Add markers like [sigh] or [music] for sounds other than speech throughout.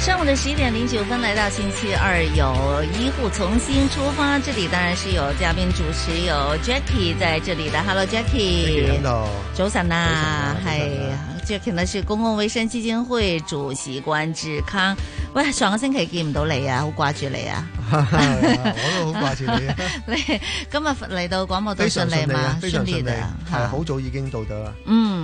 上午的十一點零九分，來到星期二，有醫護重新出發。這裏當然是有嘉賓主持，有 Jackie 在這裏的。Hello，Jackie。早晨安啊，係 Jackie 呢，是公共衛生基金會主席關志康。喂，上個星期見唔到你啊，好掛住你啊。我都好掛住你啊。你 [laughs] [laughs] [laughs] 今日嚟到廣播都順利嘛？順利啊，係好早已經到咗啦。嗯。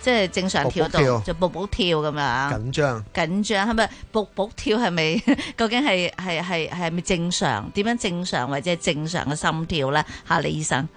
即係正常跳動，步步跳就步步跳咁樣。緊張緊張，係咪步步跳係咪？ [laughs] 究竟係係係係咪正常？點樣正常或者正常嘅心跳咧？吓，李醫生，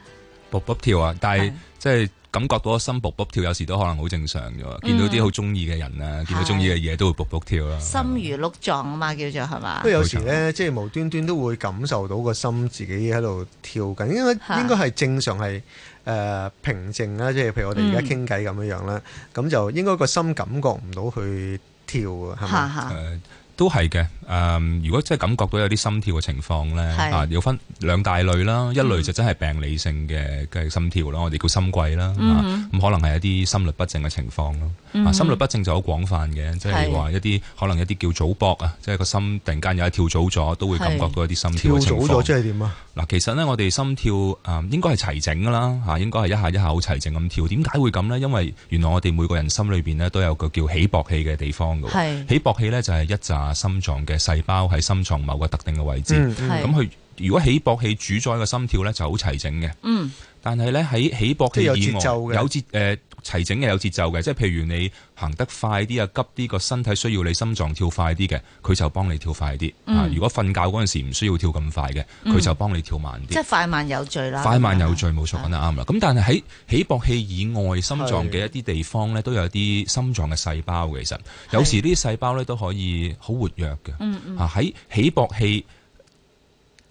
步步跳啊！但係是即係。感覺到心卜卜跳，有時都可能好正常㗎。見到啲好中意嘅人啊，嗯、見到中意嘅嘢都會卜卜跳啦。的心如鹿撞啊嘛，叫做係嘛？不過有時咧，即係無端端都會感受到個心自己喺度跳緊，應該應該係正常係誒、呃、平靜啦。即係譬如我哋而家傾偈咁樣樣啦，咁、嗯、就應該個心感覺唔到去跳啊。係嘛？誒。的都係嘅，誒，如果真係感覺到有啲心跳嘅情況咧，是啊，有分兩大類啦，一類就真係病理性嘅嘅心跳咯，我哋叫心悸啦，咁、啊、可能係一啲心律不正嘅情況咯，啊，心律不正就好廣泛嘅，即係話一啲可能一啲叫早搏啊，是即係個心突然間有一跳早咗，都會感覺到一啲心跳嘅情況。跳早咗即係點啊？嗱，其實咧，我哋心跳誒應該係齊整噶啦，嚇應該係一下一下好齊整咁跳。點解會咁呢？因為原來我哋每個人心裏邊咧都有個叫起搏器嘅地方㗎。是起搏器咧就係一揸心臟嘅細胞喺心臟某個特定嘅位置。咁佢、嗯嗯、如果起搏器主宰嘅心跳咧就好齊整嘅。嗯。但係咧喺起搏器之外，有節誒。齊整嘅有節奏嘅，即係譬如你行得快啲啊，急啲個身體需要你心臟跳快啲嘅，佢就幫你跳快啲。啊，如果瞓覺嗰陣時唔需要跳咁快嘅，佢就幫你跳慢啲。即係快慢有序啦。快慢有序冇錯，講得啱啦。咁但係喺起搏器以外，心臟嘅一啲地方咧，都有啲心臟嘅細胞。其實有時呢啲細胞咧都可以好活躍嘅。啊，喺起搏器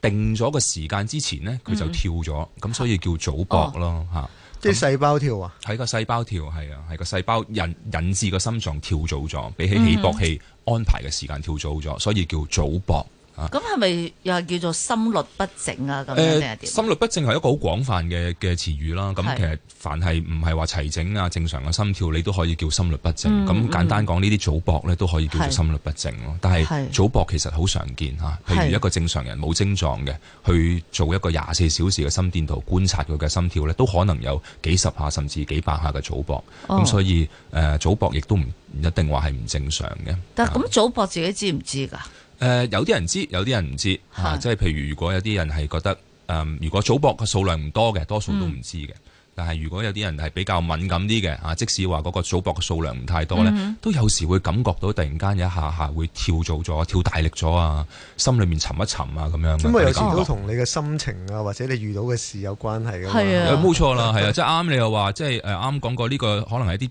定咗個時間之前呢，佢就跳咗，咁所以叫早搏咯嚇。那即係細胞跳啊！係個細胞跳係啊，係個細胞引引致個心臟跳早咗，比起起搏器安排嘅時間跳早咗，所以叫早搏。咁係咪又係叫做心律不整啊？咁樣定係點？心律不正係一個好廣泛嘅嘅詞語啦。咁其實凡係唔係話齊整啊、正常嘅心跳，你都可以叫心律不正。咁簡單講，呢啲早搏咧都可以叫做心律不正咯。但係早搏其實好常見吓，譬如一個正常人冇症狀嘅，去做一個廿四小時嘅心電圖觀察佢嘅心跳咧，都可能有幾十下甚至幾百下嘅早搏。咁所以誒、早搏亦都唔一定話係唔正常嘅。但係咁早搏自己知唔知噶？誒、呃、有啲人知，有啲人唔知嚇、啊，即係譬如如果有啲人係覺得誒、呃，如果早搏嘅數量唔多嘅，多數都唔知嘅。但係如果有啲人係比較敏感啲嘅嚇，即使話嗰個早搏嘅數量唔太多咧，嗯、都有時會感覺到突然間一下下會跳早咗、跳大力咗啊，心裡面沉一沉啊咁樣。咁啊，有時都同你嘅心情啊，或者你遇到嘅事有關係㗎嘛？係啊，冇、啊、錯啦，係啊，即係啱你又話，即係誒啱講過呢、呢個可能係啲。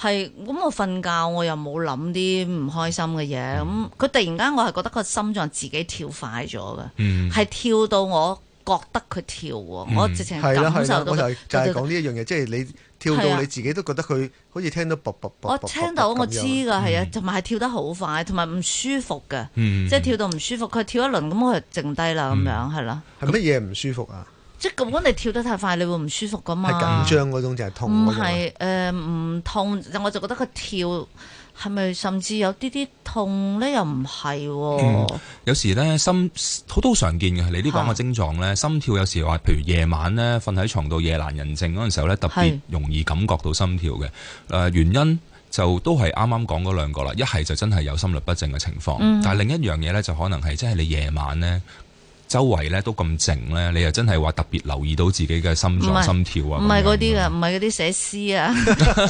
係咁我瞓覺我又冇諗啲唔開心嘅嘢，咁佢、嗯、突然間我係覺得個心臟自己跳快咗嘅，係、嗯、跳到我覺得佢跳喎，嗯、我直情感受到。我就就係講呢一樣嘢，即係你跳到你自己都覺得佢好似聽到卜卜卜。啪啪啪啪啪啪我聽到我知噶，係啊，同埋係跳得好快，同埋唔舒服嘅，即係跳到唔舒服，佢、嗯、跳，跳一輪咁我就靜低啦，咁樣係啦。係乜嘢唔舒服啊？即係咁，如你跳得太快，你會唔舒服㗎嘛？係緊張嗰種就係痛。唔係，誒、呃、唔痛，我就覺得佢跳係咪甚至有啲啲痛咧？又唔係喎。有時咧心好多常見嘅，你啲講嘅症狀咧，是心跳有時話，譬如夜晚咧瞓喺床度夜闌人靜嗰陣時候咧，特別容易感覺到心跳嘅。誒是、呃、原因就都係啱啱講嗰兩個啦，一係就真係有心律不正嘅情況，嗯、但係另一樣嘢咧就可能係即係你夜晚咧。周圍咧都咁靜咧，你又真係話特別留意到自己嘅心臟心跳啊？唔係嗰啲啊，唔係嗰啲寫詩啊、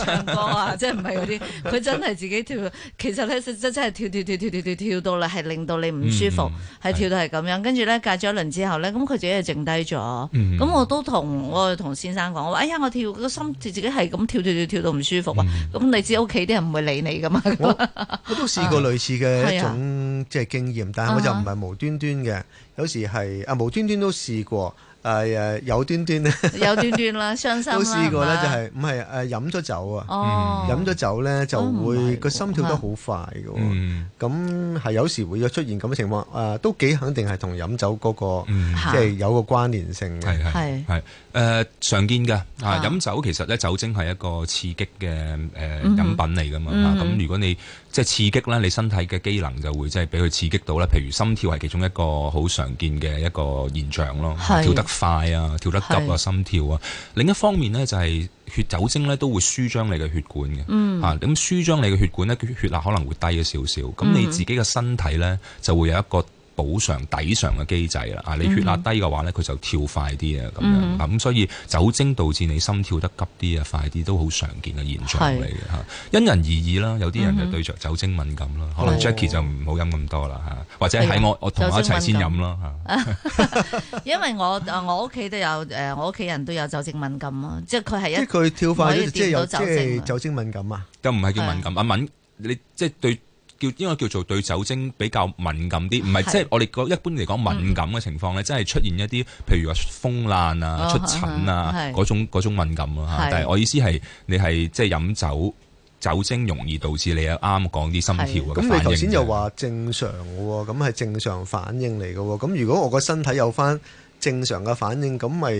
唱歌啊，即係唔係嗰啲。佢真係自己跳，其實咧真真真係跳跳跳跳跳跳到咧，係令到你唔舒服，係、嗯嗯、跳到係咁樣。跟住咧隔咗一輪之後咧，咁佢自己係靜低咗。咁我都同我同先生講，我話：哎、嗯、呀，我跳個心自己係咁跳跳跳跳到唔舒服啊！咁你知屋企啲人唔會理你噶嘛？我都試過類似嘅一即係經驗，但係我就唔係無端端嘅，uh huh. 有時係啊，無端端都試過。係誒、哎，有端端咧，有端端啦，傷心都試過咧、就是，就係唔係誒，飲咗酒啊，飲咗、哦、酒咧就會個、哦、心跳得好快㗎，咁係、嗯、有時會出現咁嘅情況，誒、啊，都幾肯定係同飲酒嗰、那個、嗯、即係有個關聯性嘅，係係係誒常見嘅，啊，飲酒其實咧酒精係一個刺激嘅誒飲品嚟噶嘛，咁、嗯嗯、如果你即係刺激咧，你身體嘅機能就會即係俾佢刺激到啦，譬如心跳係其中一個好常見嘅一個現象咯是，跳得，快啊，跳得急啊，心跳啊。是另一方面呢，就係、是、血酒精呢都會舒張你嘅血管嘅。吓，咁舒張你嘅血管呢，血壓可能會低咗少少。咁、嗯、你自己嘅身體呢，就會有一個。補償抵償嘅機制啦，啊，你血壓低嘅話咧，佢就跳快啲啊，咁樣咁、嗯嗯，所以酒精導致你心跳得急啲啊，快啲都好常見嘅現象嚟嘅吓，是因人而異啦，有啲人就對着酒精敏感啦，嗯、可能 Jacky 就唔好飲咁多啦吓，或者喺我、嗯、我同我，我一齊先飲咯吓，因為我我屋企都有誒我屋企人都有酒精敏感咯，即係佢係一佢跳快即係有、就是、酒精敏感啊，又唔係叫敏感啊敏是你，你即係對。叫因為叫做對酒精比較敏感啲，唔係即係我哋一般嚟講敏感嘅情況咧，即係、嗯、出現一啲譬如話風爛啊、出疹啊嗰種敏感咯嚇。是但係我意思係你係即係飲酒酒精容易導致你啱講啲心跳嘅反應。咁你頭先又話正常喎，咁係正常反應嚟嘅喎。咁如果我個身體有翻正常嘅反應，咁咪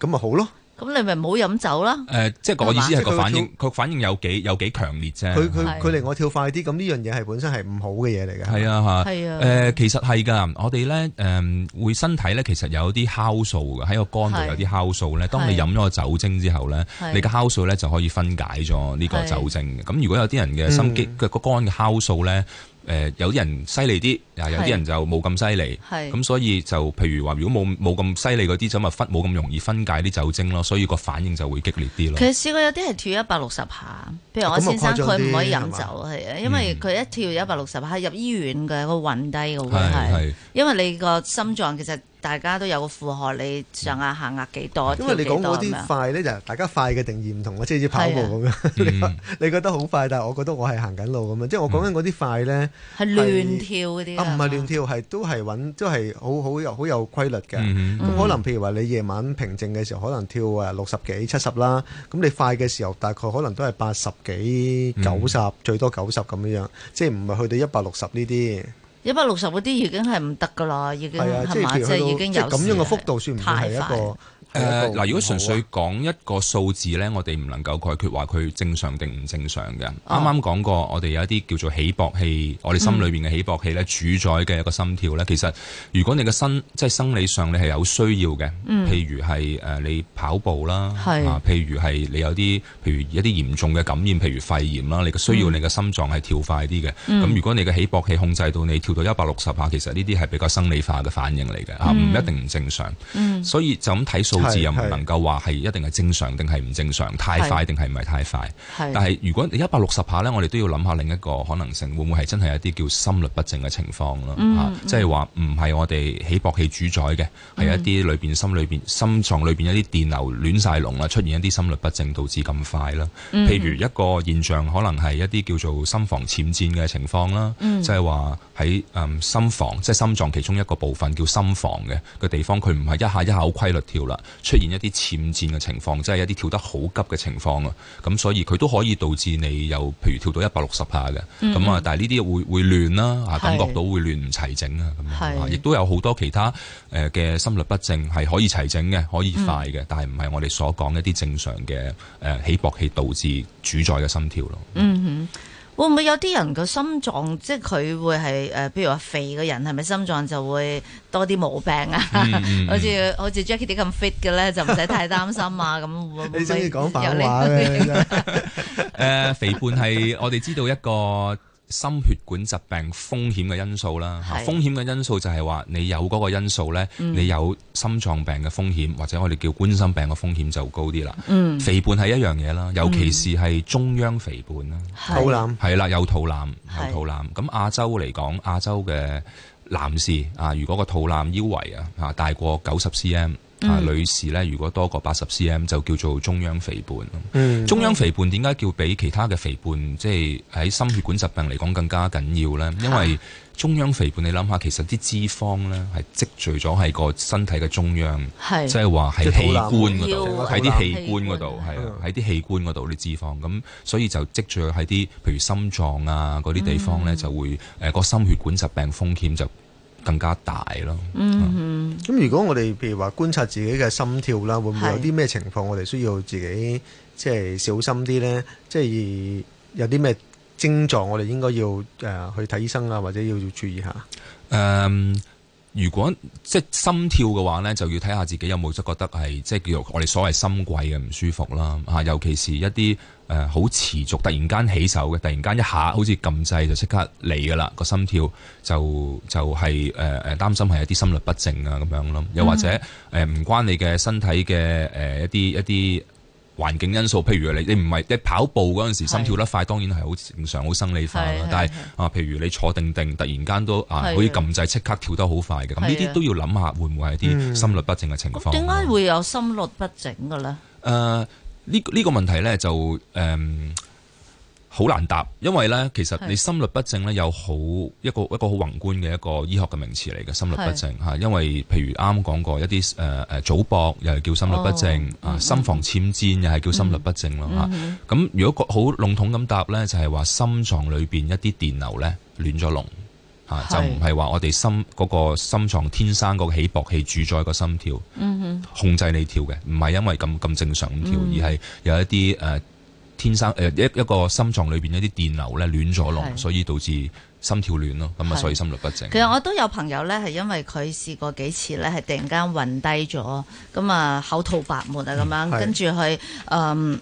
咁咪好咯。咁你咪唔好飲酒啦。誒、嗯，即係嗰個意思係個反應，佢反應有幾有幾強烈啫。佢佢佢令我跳快啲，咁呢樣嘢係本身係唔好嘅嘢嚟嘅。係啊，嚇吧。係啊。誒、呃，其實係噶，我哋咧誒會身體咧，其實有啲酵素嘅，喺個肝度有啲酵素咧。是當你飲咗個酒精之後咧，是你嘅酵素咧就可以分解咗呢個酒精嘅。咁是如果有啲人嘅心肌，嘅個、嗯、肝嘅酵素咧。誒有啲人犀利啲，啊有啲人就冇咁犀利，係，咁所以就譬如話，如果冇冇咁犀利嗰啲，咁咪分冇咁容易分解啲酒精咯，所以個反應就會激烈啲咯。其實試過有啲係跳一百六十下，譬如我先生佢唔可以飲酒係，因為佢一跳一百六十下入醫院嘅，佢暈低嘅會係，因為你個心臟其實。大家都有個負荷，你上下下壓幾多？多因為你講嗰啲快咧，就麼大家快嘅定義唔同，我即係似跑步咁樣。是啊、 [laughs] 你覺得好快，但係我覺得我係行緊路咁樣。即係我講緊嗰啲快咧，係、嗯、是亂跳嗰啲。啊，唔係亂跳，係都係穩，都係好好有好有規律嘅。咁、嗯嗯、可能譬如話，你夜晚平靜嘅時候，可能跳誒六十幾七十啦。咁你快嘅時候，大概可能都係八十幾九十，嗯、最多九十咁樣樣。即係唔係去到一百六十呢啲？一百六十嗰啲已經係唔得㗎喇，已經係嘛，吧即係是已經有咁樣嘅幅度，算算，算唔算係一個？誒，嗱、呃，如果純粹講一個數字咧，我哋唔能夠概括話佢正常定唔正常嘅。啱啱講過，我哋有一啲叫做起搏器，我哋心裏邊嘅起搏器咧主宰嘅一個心跳咧，嗯、其實如果你嘅身即係生理上你係有需要嘅，譬如係誒、呃、你跑步啦，啊、嗯，譬如係你有啲譬如一啲嚴重嘅感染，譬如肺炎啦，你嘅需要你嘅心臟係跳快啲嘅。咁、嗯、如果你嘅起搏器控制到你跳到一百六十下，其實呢啲係比較生理化嘅反應嚟嘅，吓唔、嗯、一定唔正常。嗯、所以就咁睇數。導致又唔能夠話係一定係正常定係唔正常，太快定係唔係太快？但係如果你一百六十下呢，我哋都要諗下另一個可能性，會唔會係真係一啲叫心律不正嘅情況咯？即係話唔係我哋起搏器主宰嘅，係一啲裏邊心裏邊心臟裏邊一啲電流亂晒龍啦，出現一啲心律不正導致咁快啦。譬、啊嗯、如一個現象，可能係一啲叫做心房纖顫嘅情況啦，即係話喺心房，即、就、係、是、心臟其中一個部分叫心房嘅個地方，佢唔係一下一下好規律跳啦。出現一啲纖顫嘅情況，即係一啲跳得好急嘅情況啊，咁所以佢都可以導致你有，譬如跳到一百六十下嘅，咁啊、嗯嗯，但係呢啲會會亂啦，啊是感覺到會亂唔齊整啊，咁是樣啊，亦都有好多其他誒嘅心律不正係可以齊整嘅，可以快嘅，嗯、但係唔係我哋所講一啲正常嘅誒起搏器導致主宰嘅心跳咯。嗯哼、嗯。嗯。會唔會有啲人個心臟，即係佢會係誒，呃、譬如話肥嘅人係咪心臟就會多啲毛病啊？嗯嗯、 [laughs] 好似好似 Jackie 啲咁 fit 嘅咧，就唔使太擔心啊咁。你中意講白話咧？誒，肥胖係我哋知道一個。心血管疾病風險嘅因素啦，啊、風險嘅因素就係話你有嗰個因素呢，嗯、你有心臟病嘅風險，或者我哋叫冠心病嘅風險就高啲啦。嗯，肥胖係一樣嘢啦，尤其是係中央肥胖啦。肚腩係啦，有肚腩，有肚腩。咁亞洲嚟講，亞洲嘅男士啊，如果個肚腩腰圍啊吓大過九十 cm。啊、女士呢，如果多過八十 cm 就叫做中央肥胖。嗯、中央肥胖點解叫比其他嘅肥胖，即係喺心血管疾病嚟講更加緊要呢？因為中央肥胖你諗下，其實啲脂肪呢，係積聚咗喺個身體嘅中央，即係話喺器官嗰度，喺啲器官嗰度，係喺啲器官嗰度啲脂肪，咁所以就積聚喺啲譬如心臟啊嗰啲地方呢，嗯、就會誒、嗰個心血管疾病風險就更加大咯。嗯，嗯，咁、嗯、如果我哋譬如話觀察自己嘅心跳啦，會唔會有啲咩情況？我哋需要自己即係、就是、小心啲咧，即、就、係、是、有啲咩症狀，我哋應該要誒去睇醫生啊，或者要，要注意下。誒。Um, 如果即係心跳嘅話咧，就要睇下自己有冇即係覺得係即係叫做我哋所謂心悸嘅唔舒服啦嚇，尤其是一啲誒好持續、突然間起手嘅，突然間一下好似禁掣就即刻嚟噶啦，個心跳就就係誒誒擔心係一啲心律不正啊咁樣咯，又或者誒唔、呃、關你嘅身體嘅誒、呃、一啲一啲。環境因素，譬如你你唔係你跑步嗰陣時心跳得快，是的 當然係好正常、好生理化嘅。但係啊，譬如你坐定定，突然間都是的 啊可以撳掣即刻跳得好快嘅。咁呢啲都要諗下，會唔會係啲心律不正嘅情況？點解、嗯、會有心律不整嘅咧？誒、呃，呢、這、呢、個這個問題咧就誒。嗯好難答，因為咧，其實你心律不正咧，有好一個一個好宏觀嘅一個醫學嘅名詞嚟嘅心律不正嚇。是因為譬如啱啱講過一啲誒誒早搏，呃、又係叫心律不正啊，哦嗯、心房纖顫又係叫心律不正、嗯、哼咯嚇。咁如果好籠統咁答咧，就係、是、話心臟裏邊一啲電流咧亂咗龍嚇，就唔係話我哋心嗰、那個心臟天生個起搏器主宰個心跳，嗯、哼控制你跳嘅，唔係因為咁咁正常咁跳，而係有一啲誒。嗯呃呃天生誒一一個心臟裏邊一啲電流咧亂咗咯，所以導致心跳亂咯，咁啊所以心律不整。其實我都有朋友咧，係因為佢試過幾次咧，係突然間暈低咗，咁啊口吐白沫啊咁樣，跟住佢誒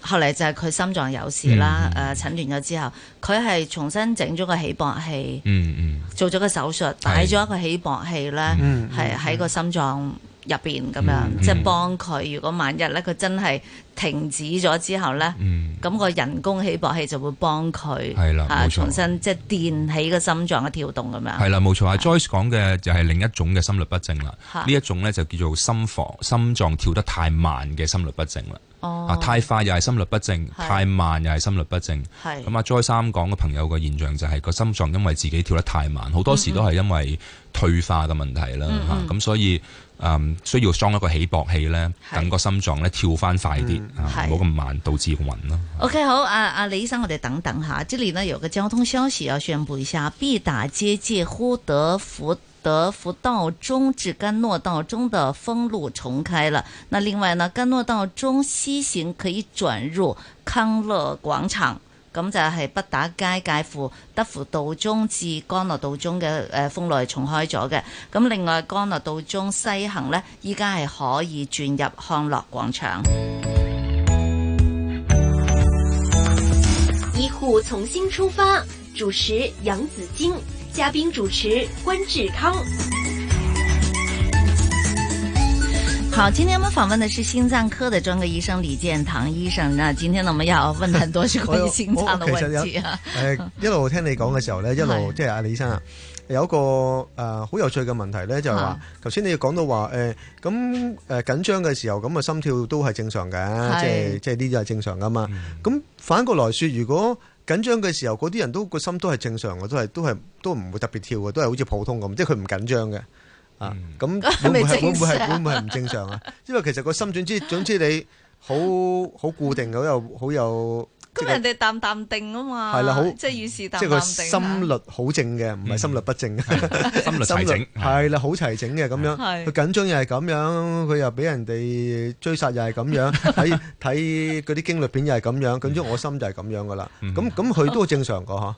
後嚟就係佢心臟有事啦，誒診斷咗之後，佢係重新整咗個起搏器，嗯嗯，做咗個手術，帶咗一個起搏器咧，係喺個心臟。入邊咁樣，即係幫佢。如果萬一咧，佢真係停止咗之後咧，咁個人工起搏器就會幫佢，啊，重新即係電起個心臟嘅跳動咁樣。係啦，冇錯。阿 Joyce 講嘅就係另一種嘅心律不正啦。呢一種咧就叫做心房心臟跳得太慢嘅心律不正啦。哦，啊太快又係心律不正，太慢又係心律不正。咁啊，Joyce 啱講嘅朋友個現象就係個心臟因為自己跳得太慢，好多時都係因為退化嘅問題啦。嚇，咁所以，誒、um, 需要裝一個起搏器呢，等個是心臟咧跳翻快啲，唔好咁慢，導致暈咯、啊。是 OK，好，阿、啊、阿李醫生，我哋等一等吓。這裡呢有個交通消息要宣布一下，畢打街介乎德輔德輔道中至干諾道中的封路重開了。那另外呢，干諾道中西行可以轉入康樂廣場。咁就係北打街介乎德輔道中至干樂道中嘅、誒封路係重開咗嘅，咁另外干樂道中西行呢，依家係可以轉入康樂廣場。醫護重新出發，主持楊子晶，嘉賓主持關智康。好，今天我們訪問的是心臟科的專科醫生李健棠醫生。那今天我們要問很多關於心臟的問題啊？誒、 [laughs] [laughs] 呃，一路聽你講嘅時候呢，一路即係阿李醫生啊，有一個誒好，呃、有趣嘅問題呢，就係話，頭先你要講到話誒，咁誒緊張嘅時候咁啊心跳都係正常嘅，即係即係呢啲係正常噶嘛。咁，嗯、反過來說，如果緊張嘅時候，嗰啲人都個心都係正常嘅，都係都係都唔會特別跳嘅，都係好似普通咁，即係佢唔緊張嘅。啊，咁會會會唔會係唔正常啊？因為其實個心總之總之你好好固定，好有好有。咁人哋淡淡定啊嘛，即係遇事淡淡定。心律好正嘅，唔係心律不正嘅，心律齊整係啦，好齊整嘅咁樣。佢緊張又係咁樣，佢又俾人哋追殺又係咁樣，睇睇嗰啲驚慄片又係咁樣，緊張我心就係咁樣噶啦。咁咁佢都正常㗎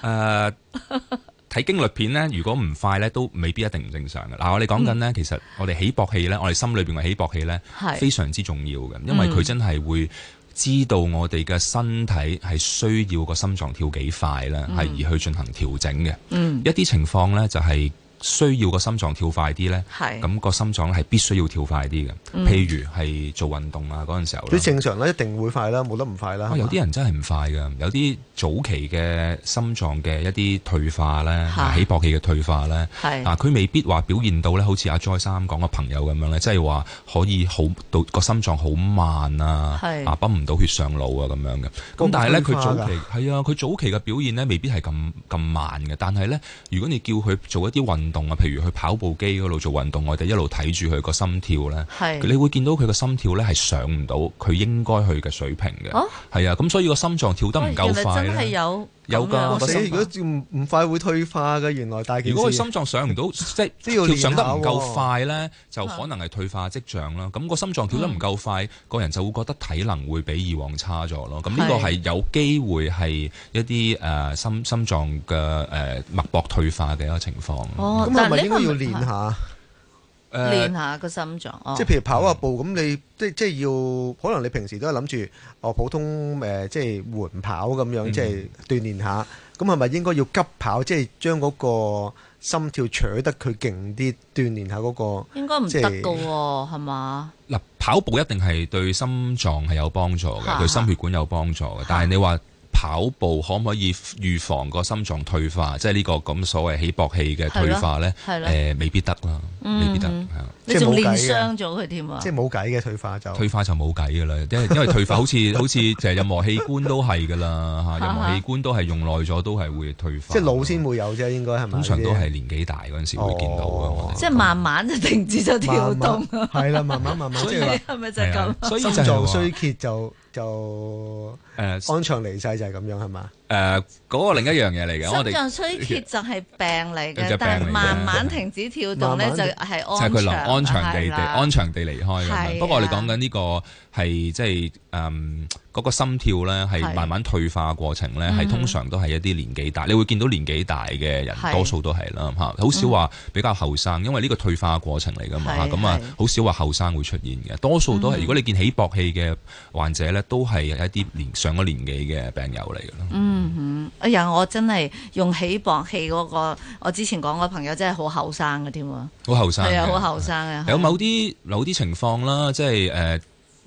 吓。誒。睇經律片咧，如果唔快咧，都未必一定唔正常嘅。嗱、啊，我哋講緊咧，嗯、其實我哋起搏器咧，我哋心裏邊嘅起搏器咧，係非常之重要嘅，嗯、因為佢真係會知道我哋嘅身體係需要個心臟跳幾快咧，係而去進行調整嘅。嗯、一啲情況咧就係、是。需要個心臟跳快啲咧，咁個是心臟係必須要跳快啲嘅。嗯、譬如係做運動啊嗰陣時候，你正常咧一定會快啦，冇得唔快啦、啊。有啲人真係唔快嘅，有啲早期嘅心臟嘅一啲退化咧是、啊，起搏器嘅退化咧，是啊佢未必話表現到咧，好似阿 Joy 三講嘅朋友咁樣咧，即係話可以好到個心臟好慢啊，是啊泵唔到血上腦啊咁樣嘅。咁、啊、但係咧佢早期係啊，佢早期嘅表現咧未必係咁咁慢嘅，但係咧如果你叫佢做一啲運動，動啊，譬如去跑步機嗰度做運動，我哋一路睇住佢個心跳咧，是你會見到佢個心跳咧係上唔到佢應該去嘅水平嘅，係啊，咁所以個心臟跳得唔夠快咧。啊、有噶，如果唔快會退化嘅，原來大件事。如果佢心臟上唔到，即係跳上得唔夠快咧， [laughs] 就可能係退化跡象啦。咁個心臟跳得唔夠快，嗯、個人就會覺得體能會比以往差咗咯。咁呢個係有機會係一啲誒、呃、心心臟嘅誒、呃、脈搏退化嘅一個情況。咁係咪應該要練下？練下個心臟，即係譬如跑下步咁，你即係即係要可能你平時都係諗住哦普通誒即係緩跑咁樣，即係鍛煉下，咁係咪應該要急跑，即係將嗰個心跳扯得佢勁啲，鍛煉下嗰個，應該唔得嘅係嘛？嗱，跑步一定係對心臟係有幫助嘅，對心血管有幫助嘅，但係你話。跑步可唔可以預防個心臟退化？即係呢個咁所謂起搏器嘅退化咧？誒，未必得啦，未必得。你仲練傷咗佢添啊！即係冇計嘅，退化就退化就冇計噶啦，因為因為退化好似好似就係任何器官都係噶啦，嚇，任何器官都係用耐咗都係會退化。即係腦先會有啫，應該係嘛？通常都係年紀大嗰陣時會見到嘅。即係慢慢就停止咗跳動。係啦，慢慢慢慢。所以係咪就係咁？所以心臟衰竭就。就誒安詳離世就係咁樣係嘛？誒嗰個另一樣嘢嚟嘅，我哋心臟衰竭就係病嚟嘅，病 [laughs] 慢慢停止跳動咧就係安。就係佢安安詳地、慢慢地安詳地，地，的地離開。的不過我哋講緊呢個係即係誒。就是嗯嗰個心跳咧係慢慢退化過程咧，係通常都係一啲年紀大，你會見到年紀大嘅人多數都係啦嚇，好少話比較後生，因為呢個退化過程嚟噶嘛，咁啊好少話後生會出現嘅，多數都係，如果你見起搏器嘅患者咧，都係一啲年上咗年紀嘅病友嚟嘅咯。嗯，哎呀，我真係用起搏器嗰個，我之前講個朋友真係好後生嘅添，好後生係啊，好後生啊。有某啲有啲情況啦，即係誒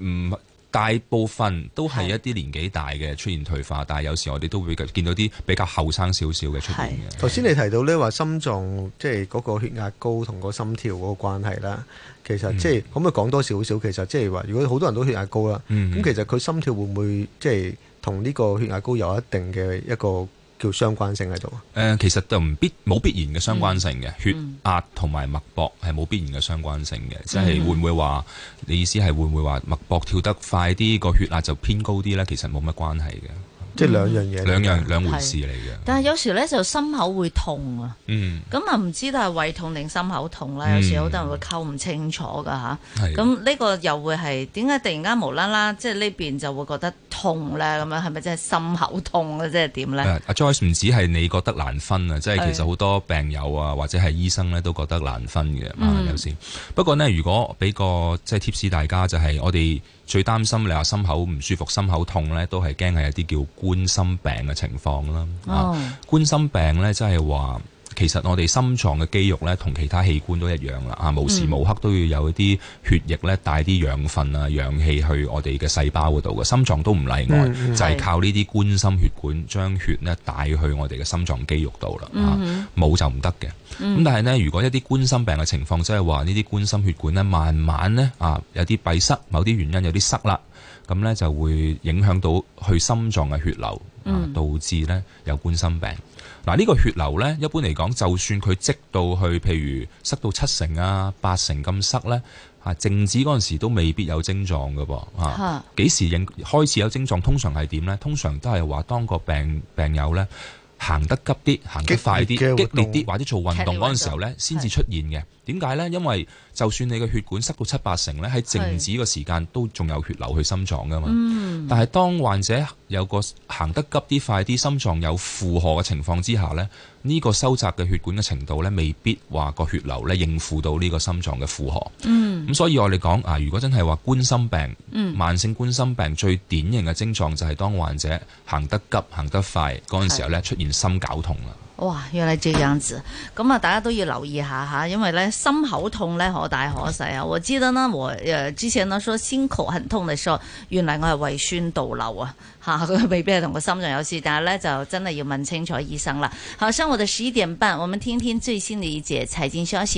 唔。大部分都係一啲年紀大嘅是出現退化，但係有時我哋都會見到啲比較後生少少嘅出現嘅。頭先是你提到呢話心臟即係嗰個血壓高同個心跳嗰個關係啦，其實即係、嗯、可唔可以講多少少？其實即係話如果好多人都血壓高啦，咁、嗯、其實佢心跳會唔會即係同呢個血壓高有一定嘅一個？叫相關性喺度誒，其實就唔必冇、嗯、必然嘅相關性嘅，嗯、血壓同埋脈搏係冇必然嘅相關性嘅，即係、嗯、會唔會話？你意思係會唔會話脈搏跳得快啲，個血壓就偏高啲咧？其實冇乜關係嘅，即係兩樣嘢，兩樣兩回事嚟嘅。但係有時咧就心口會痛啊，嗯，咁啊唔知係胃痛定心口痛啦。有時好多人會溝唔清楚㗎吓，咁呢個又會係點解突然間無啦啦，即係呢邊就會覺得痛咧，咁樣係咪真係心口痛咧？即係點咧？Joyce 唔止係你覺得難分啊，即係是其實好多病友啊，或者係醫生咧都覺得難分嘅、嗯啊、有時不過呢，如果俾個即係 tips 大家就係、是、我哋最擔心你話心口唔舒服、心口痛咧，都係驚係一啲叫冠心病嘅情況啦。哦、嗯，啊、冠心病咧即係話。其實我哋心臟嘅肌肉咧，同其他器官都一樣啦，啊，無時無刻都要有一啲血液咧，帶啲養分啊、氧氣去我哋嘅細胞度嘅，心臟都唔例外，嗯嗯、就係靠呢啲冠心血管將血咧帶去我哋嘅心臟肌肉度啦，冇、啊、就唔得嘅。咁、啊、但係呢，如果一啲冠心病嘅情況，即係話呢啲冠心血管咧，慢慢咧啊，有啲閉塞，某啲原因有啲塞啦，咁咧就會影響到去心臟嘅血流，啊，導致咧有冠心病。嗱，呢個血流咧，一般嚟講，就算佢積到去，譬如塞到七成啊、八成咁塞咧，嚇靜止嗰陣時都未必有症狀嘅噃，嚇幾時應開始有症狀？通常係點咧？通常都係話當個病病友咧行得急啲、行得快啲、激烈啲，或者做運動嗰陣時候咧，先至出現嘅。點解咧？因為就算你嘅血管塞到七八成呢，喺靜止嘅時間都仲有血流去心臟噶嘛。嗯、但係當患者有個行得急啲、快啲，心臟有負荷嘅情況之下咧，呢、呢個收窄嘅血管嘅程度呢，未必話個血流咧應付到呢個心臟嘅負荷。咁、嗯、所以我哋講啊，如果真係話冠心病、嗯、慢性冠心病最典型嘅症狀就係當患者行得急、行得快嗰陣、嗰個、時候呢，是出現心絞痛啦。哇，原來這樣子，咁、嗯、啊，大家都要留意下吓，因為咧心口痛咧可大可細啊。我記得呢，我誒、呃、之前呢說心口很痛嘅時候，說原來我係胃酸倒流啊吓，佢未必係同個心臟有事，但係咧就真係要問清楚醫生啦。好，上午，我哋十一點半，我們聽聽最新嘅一節財經消息。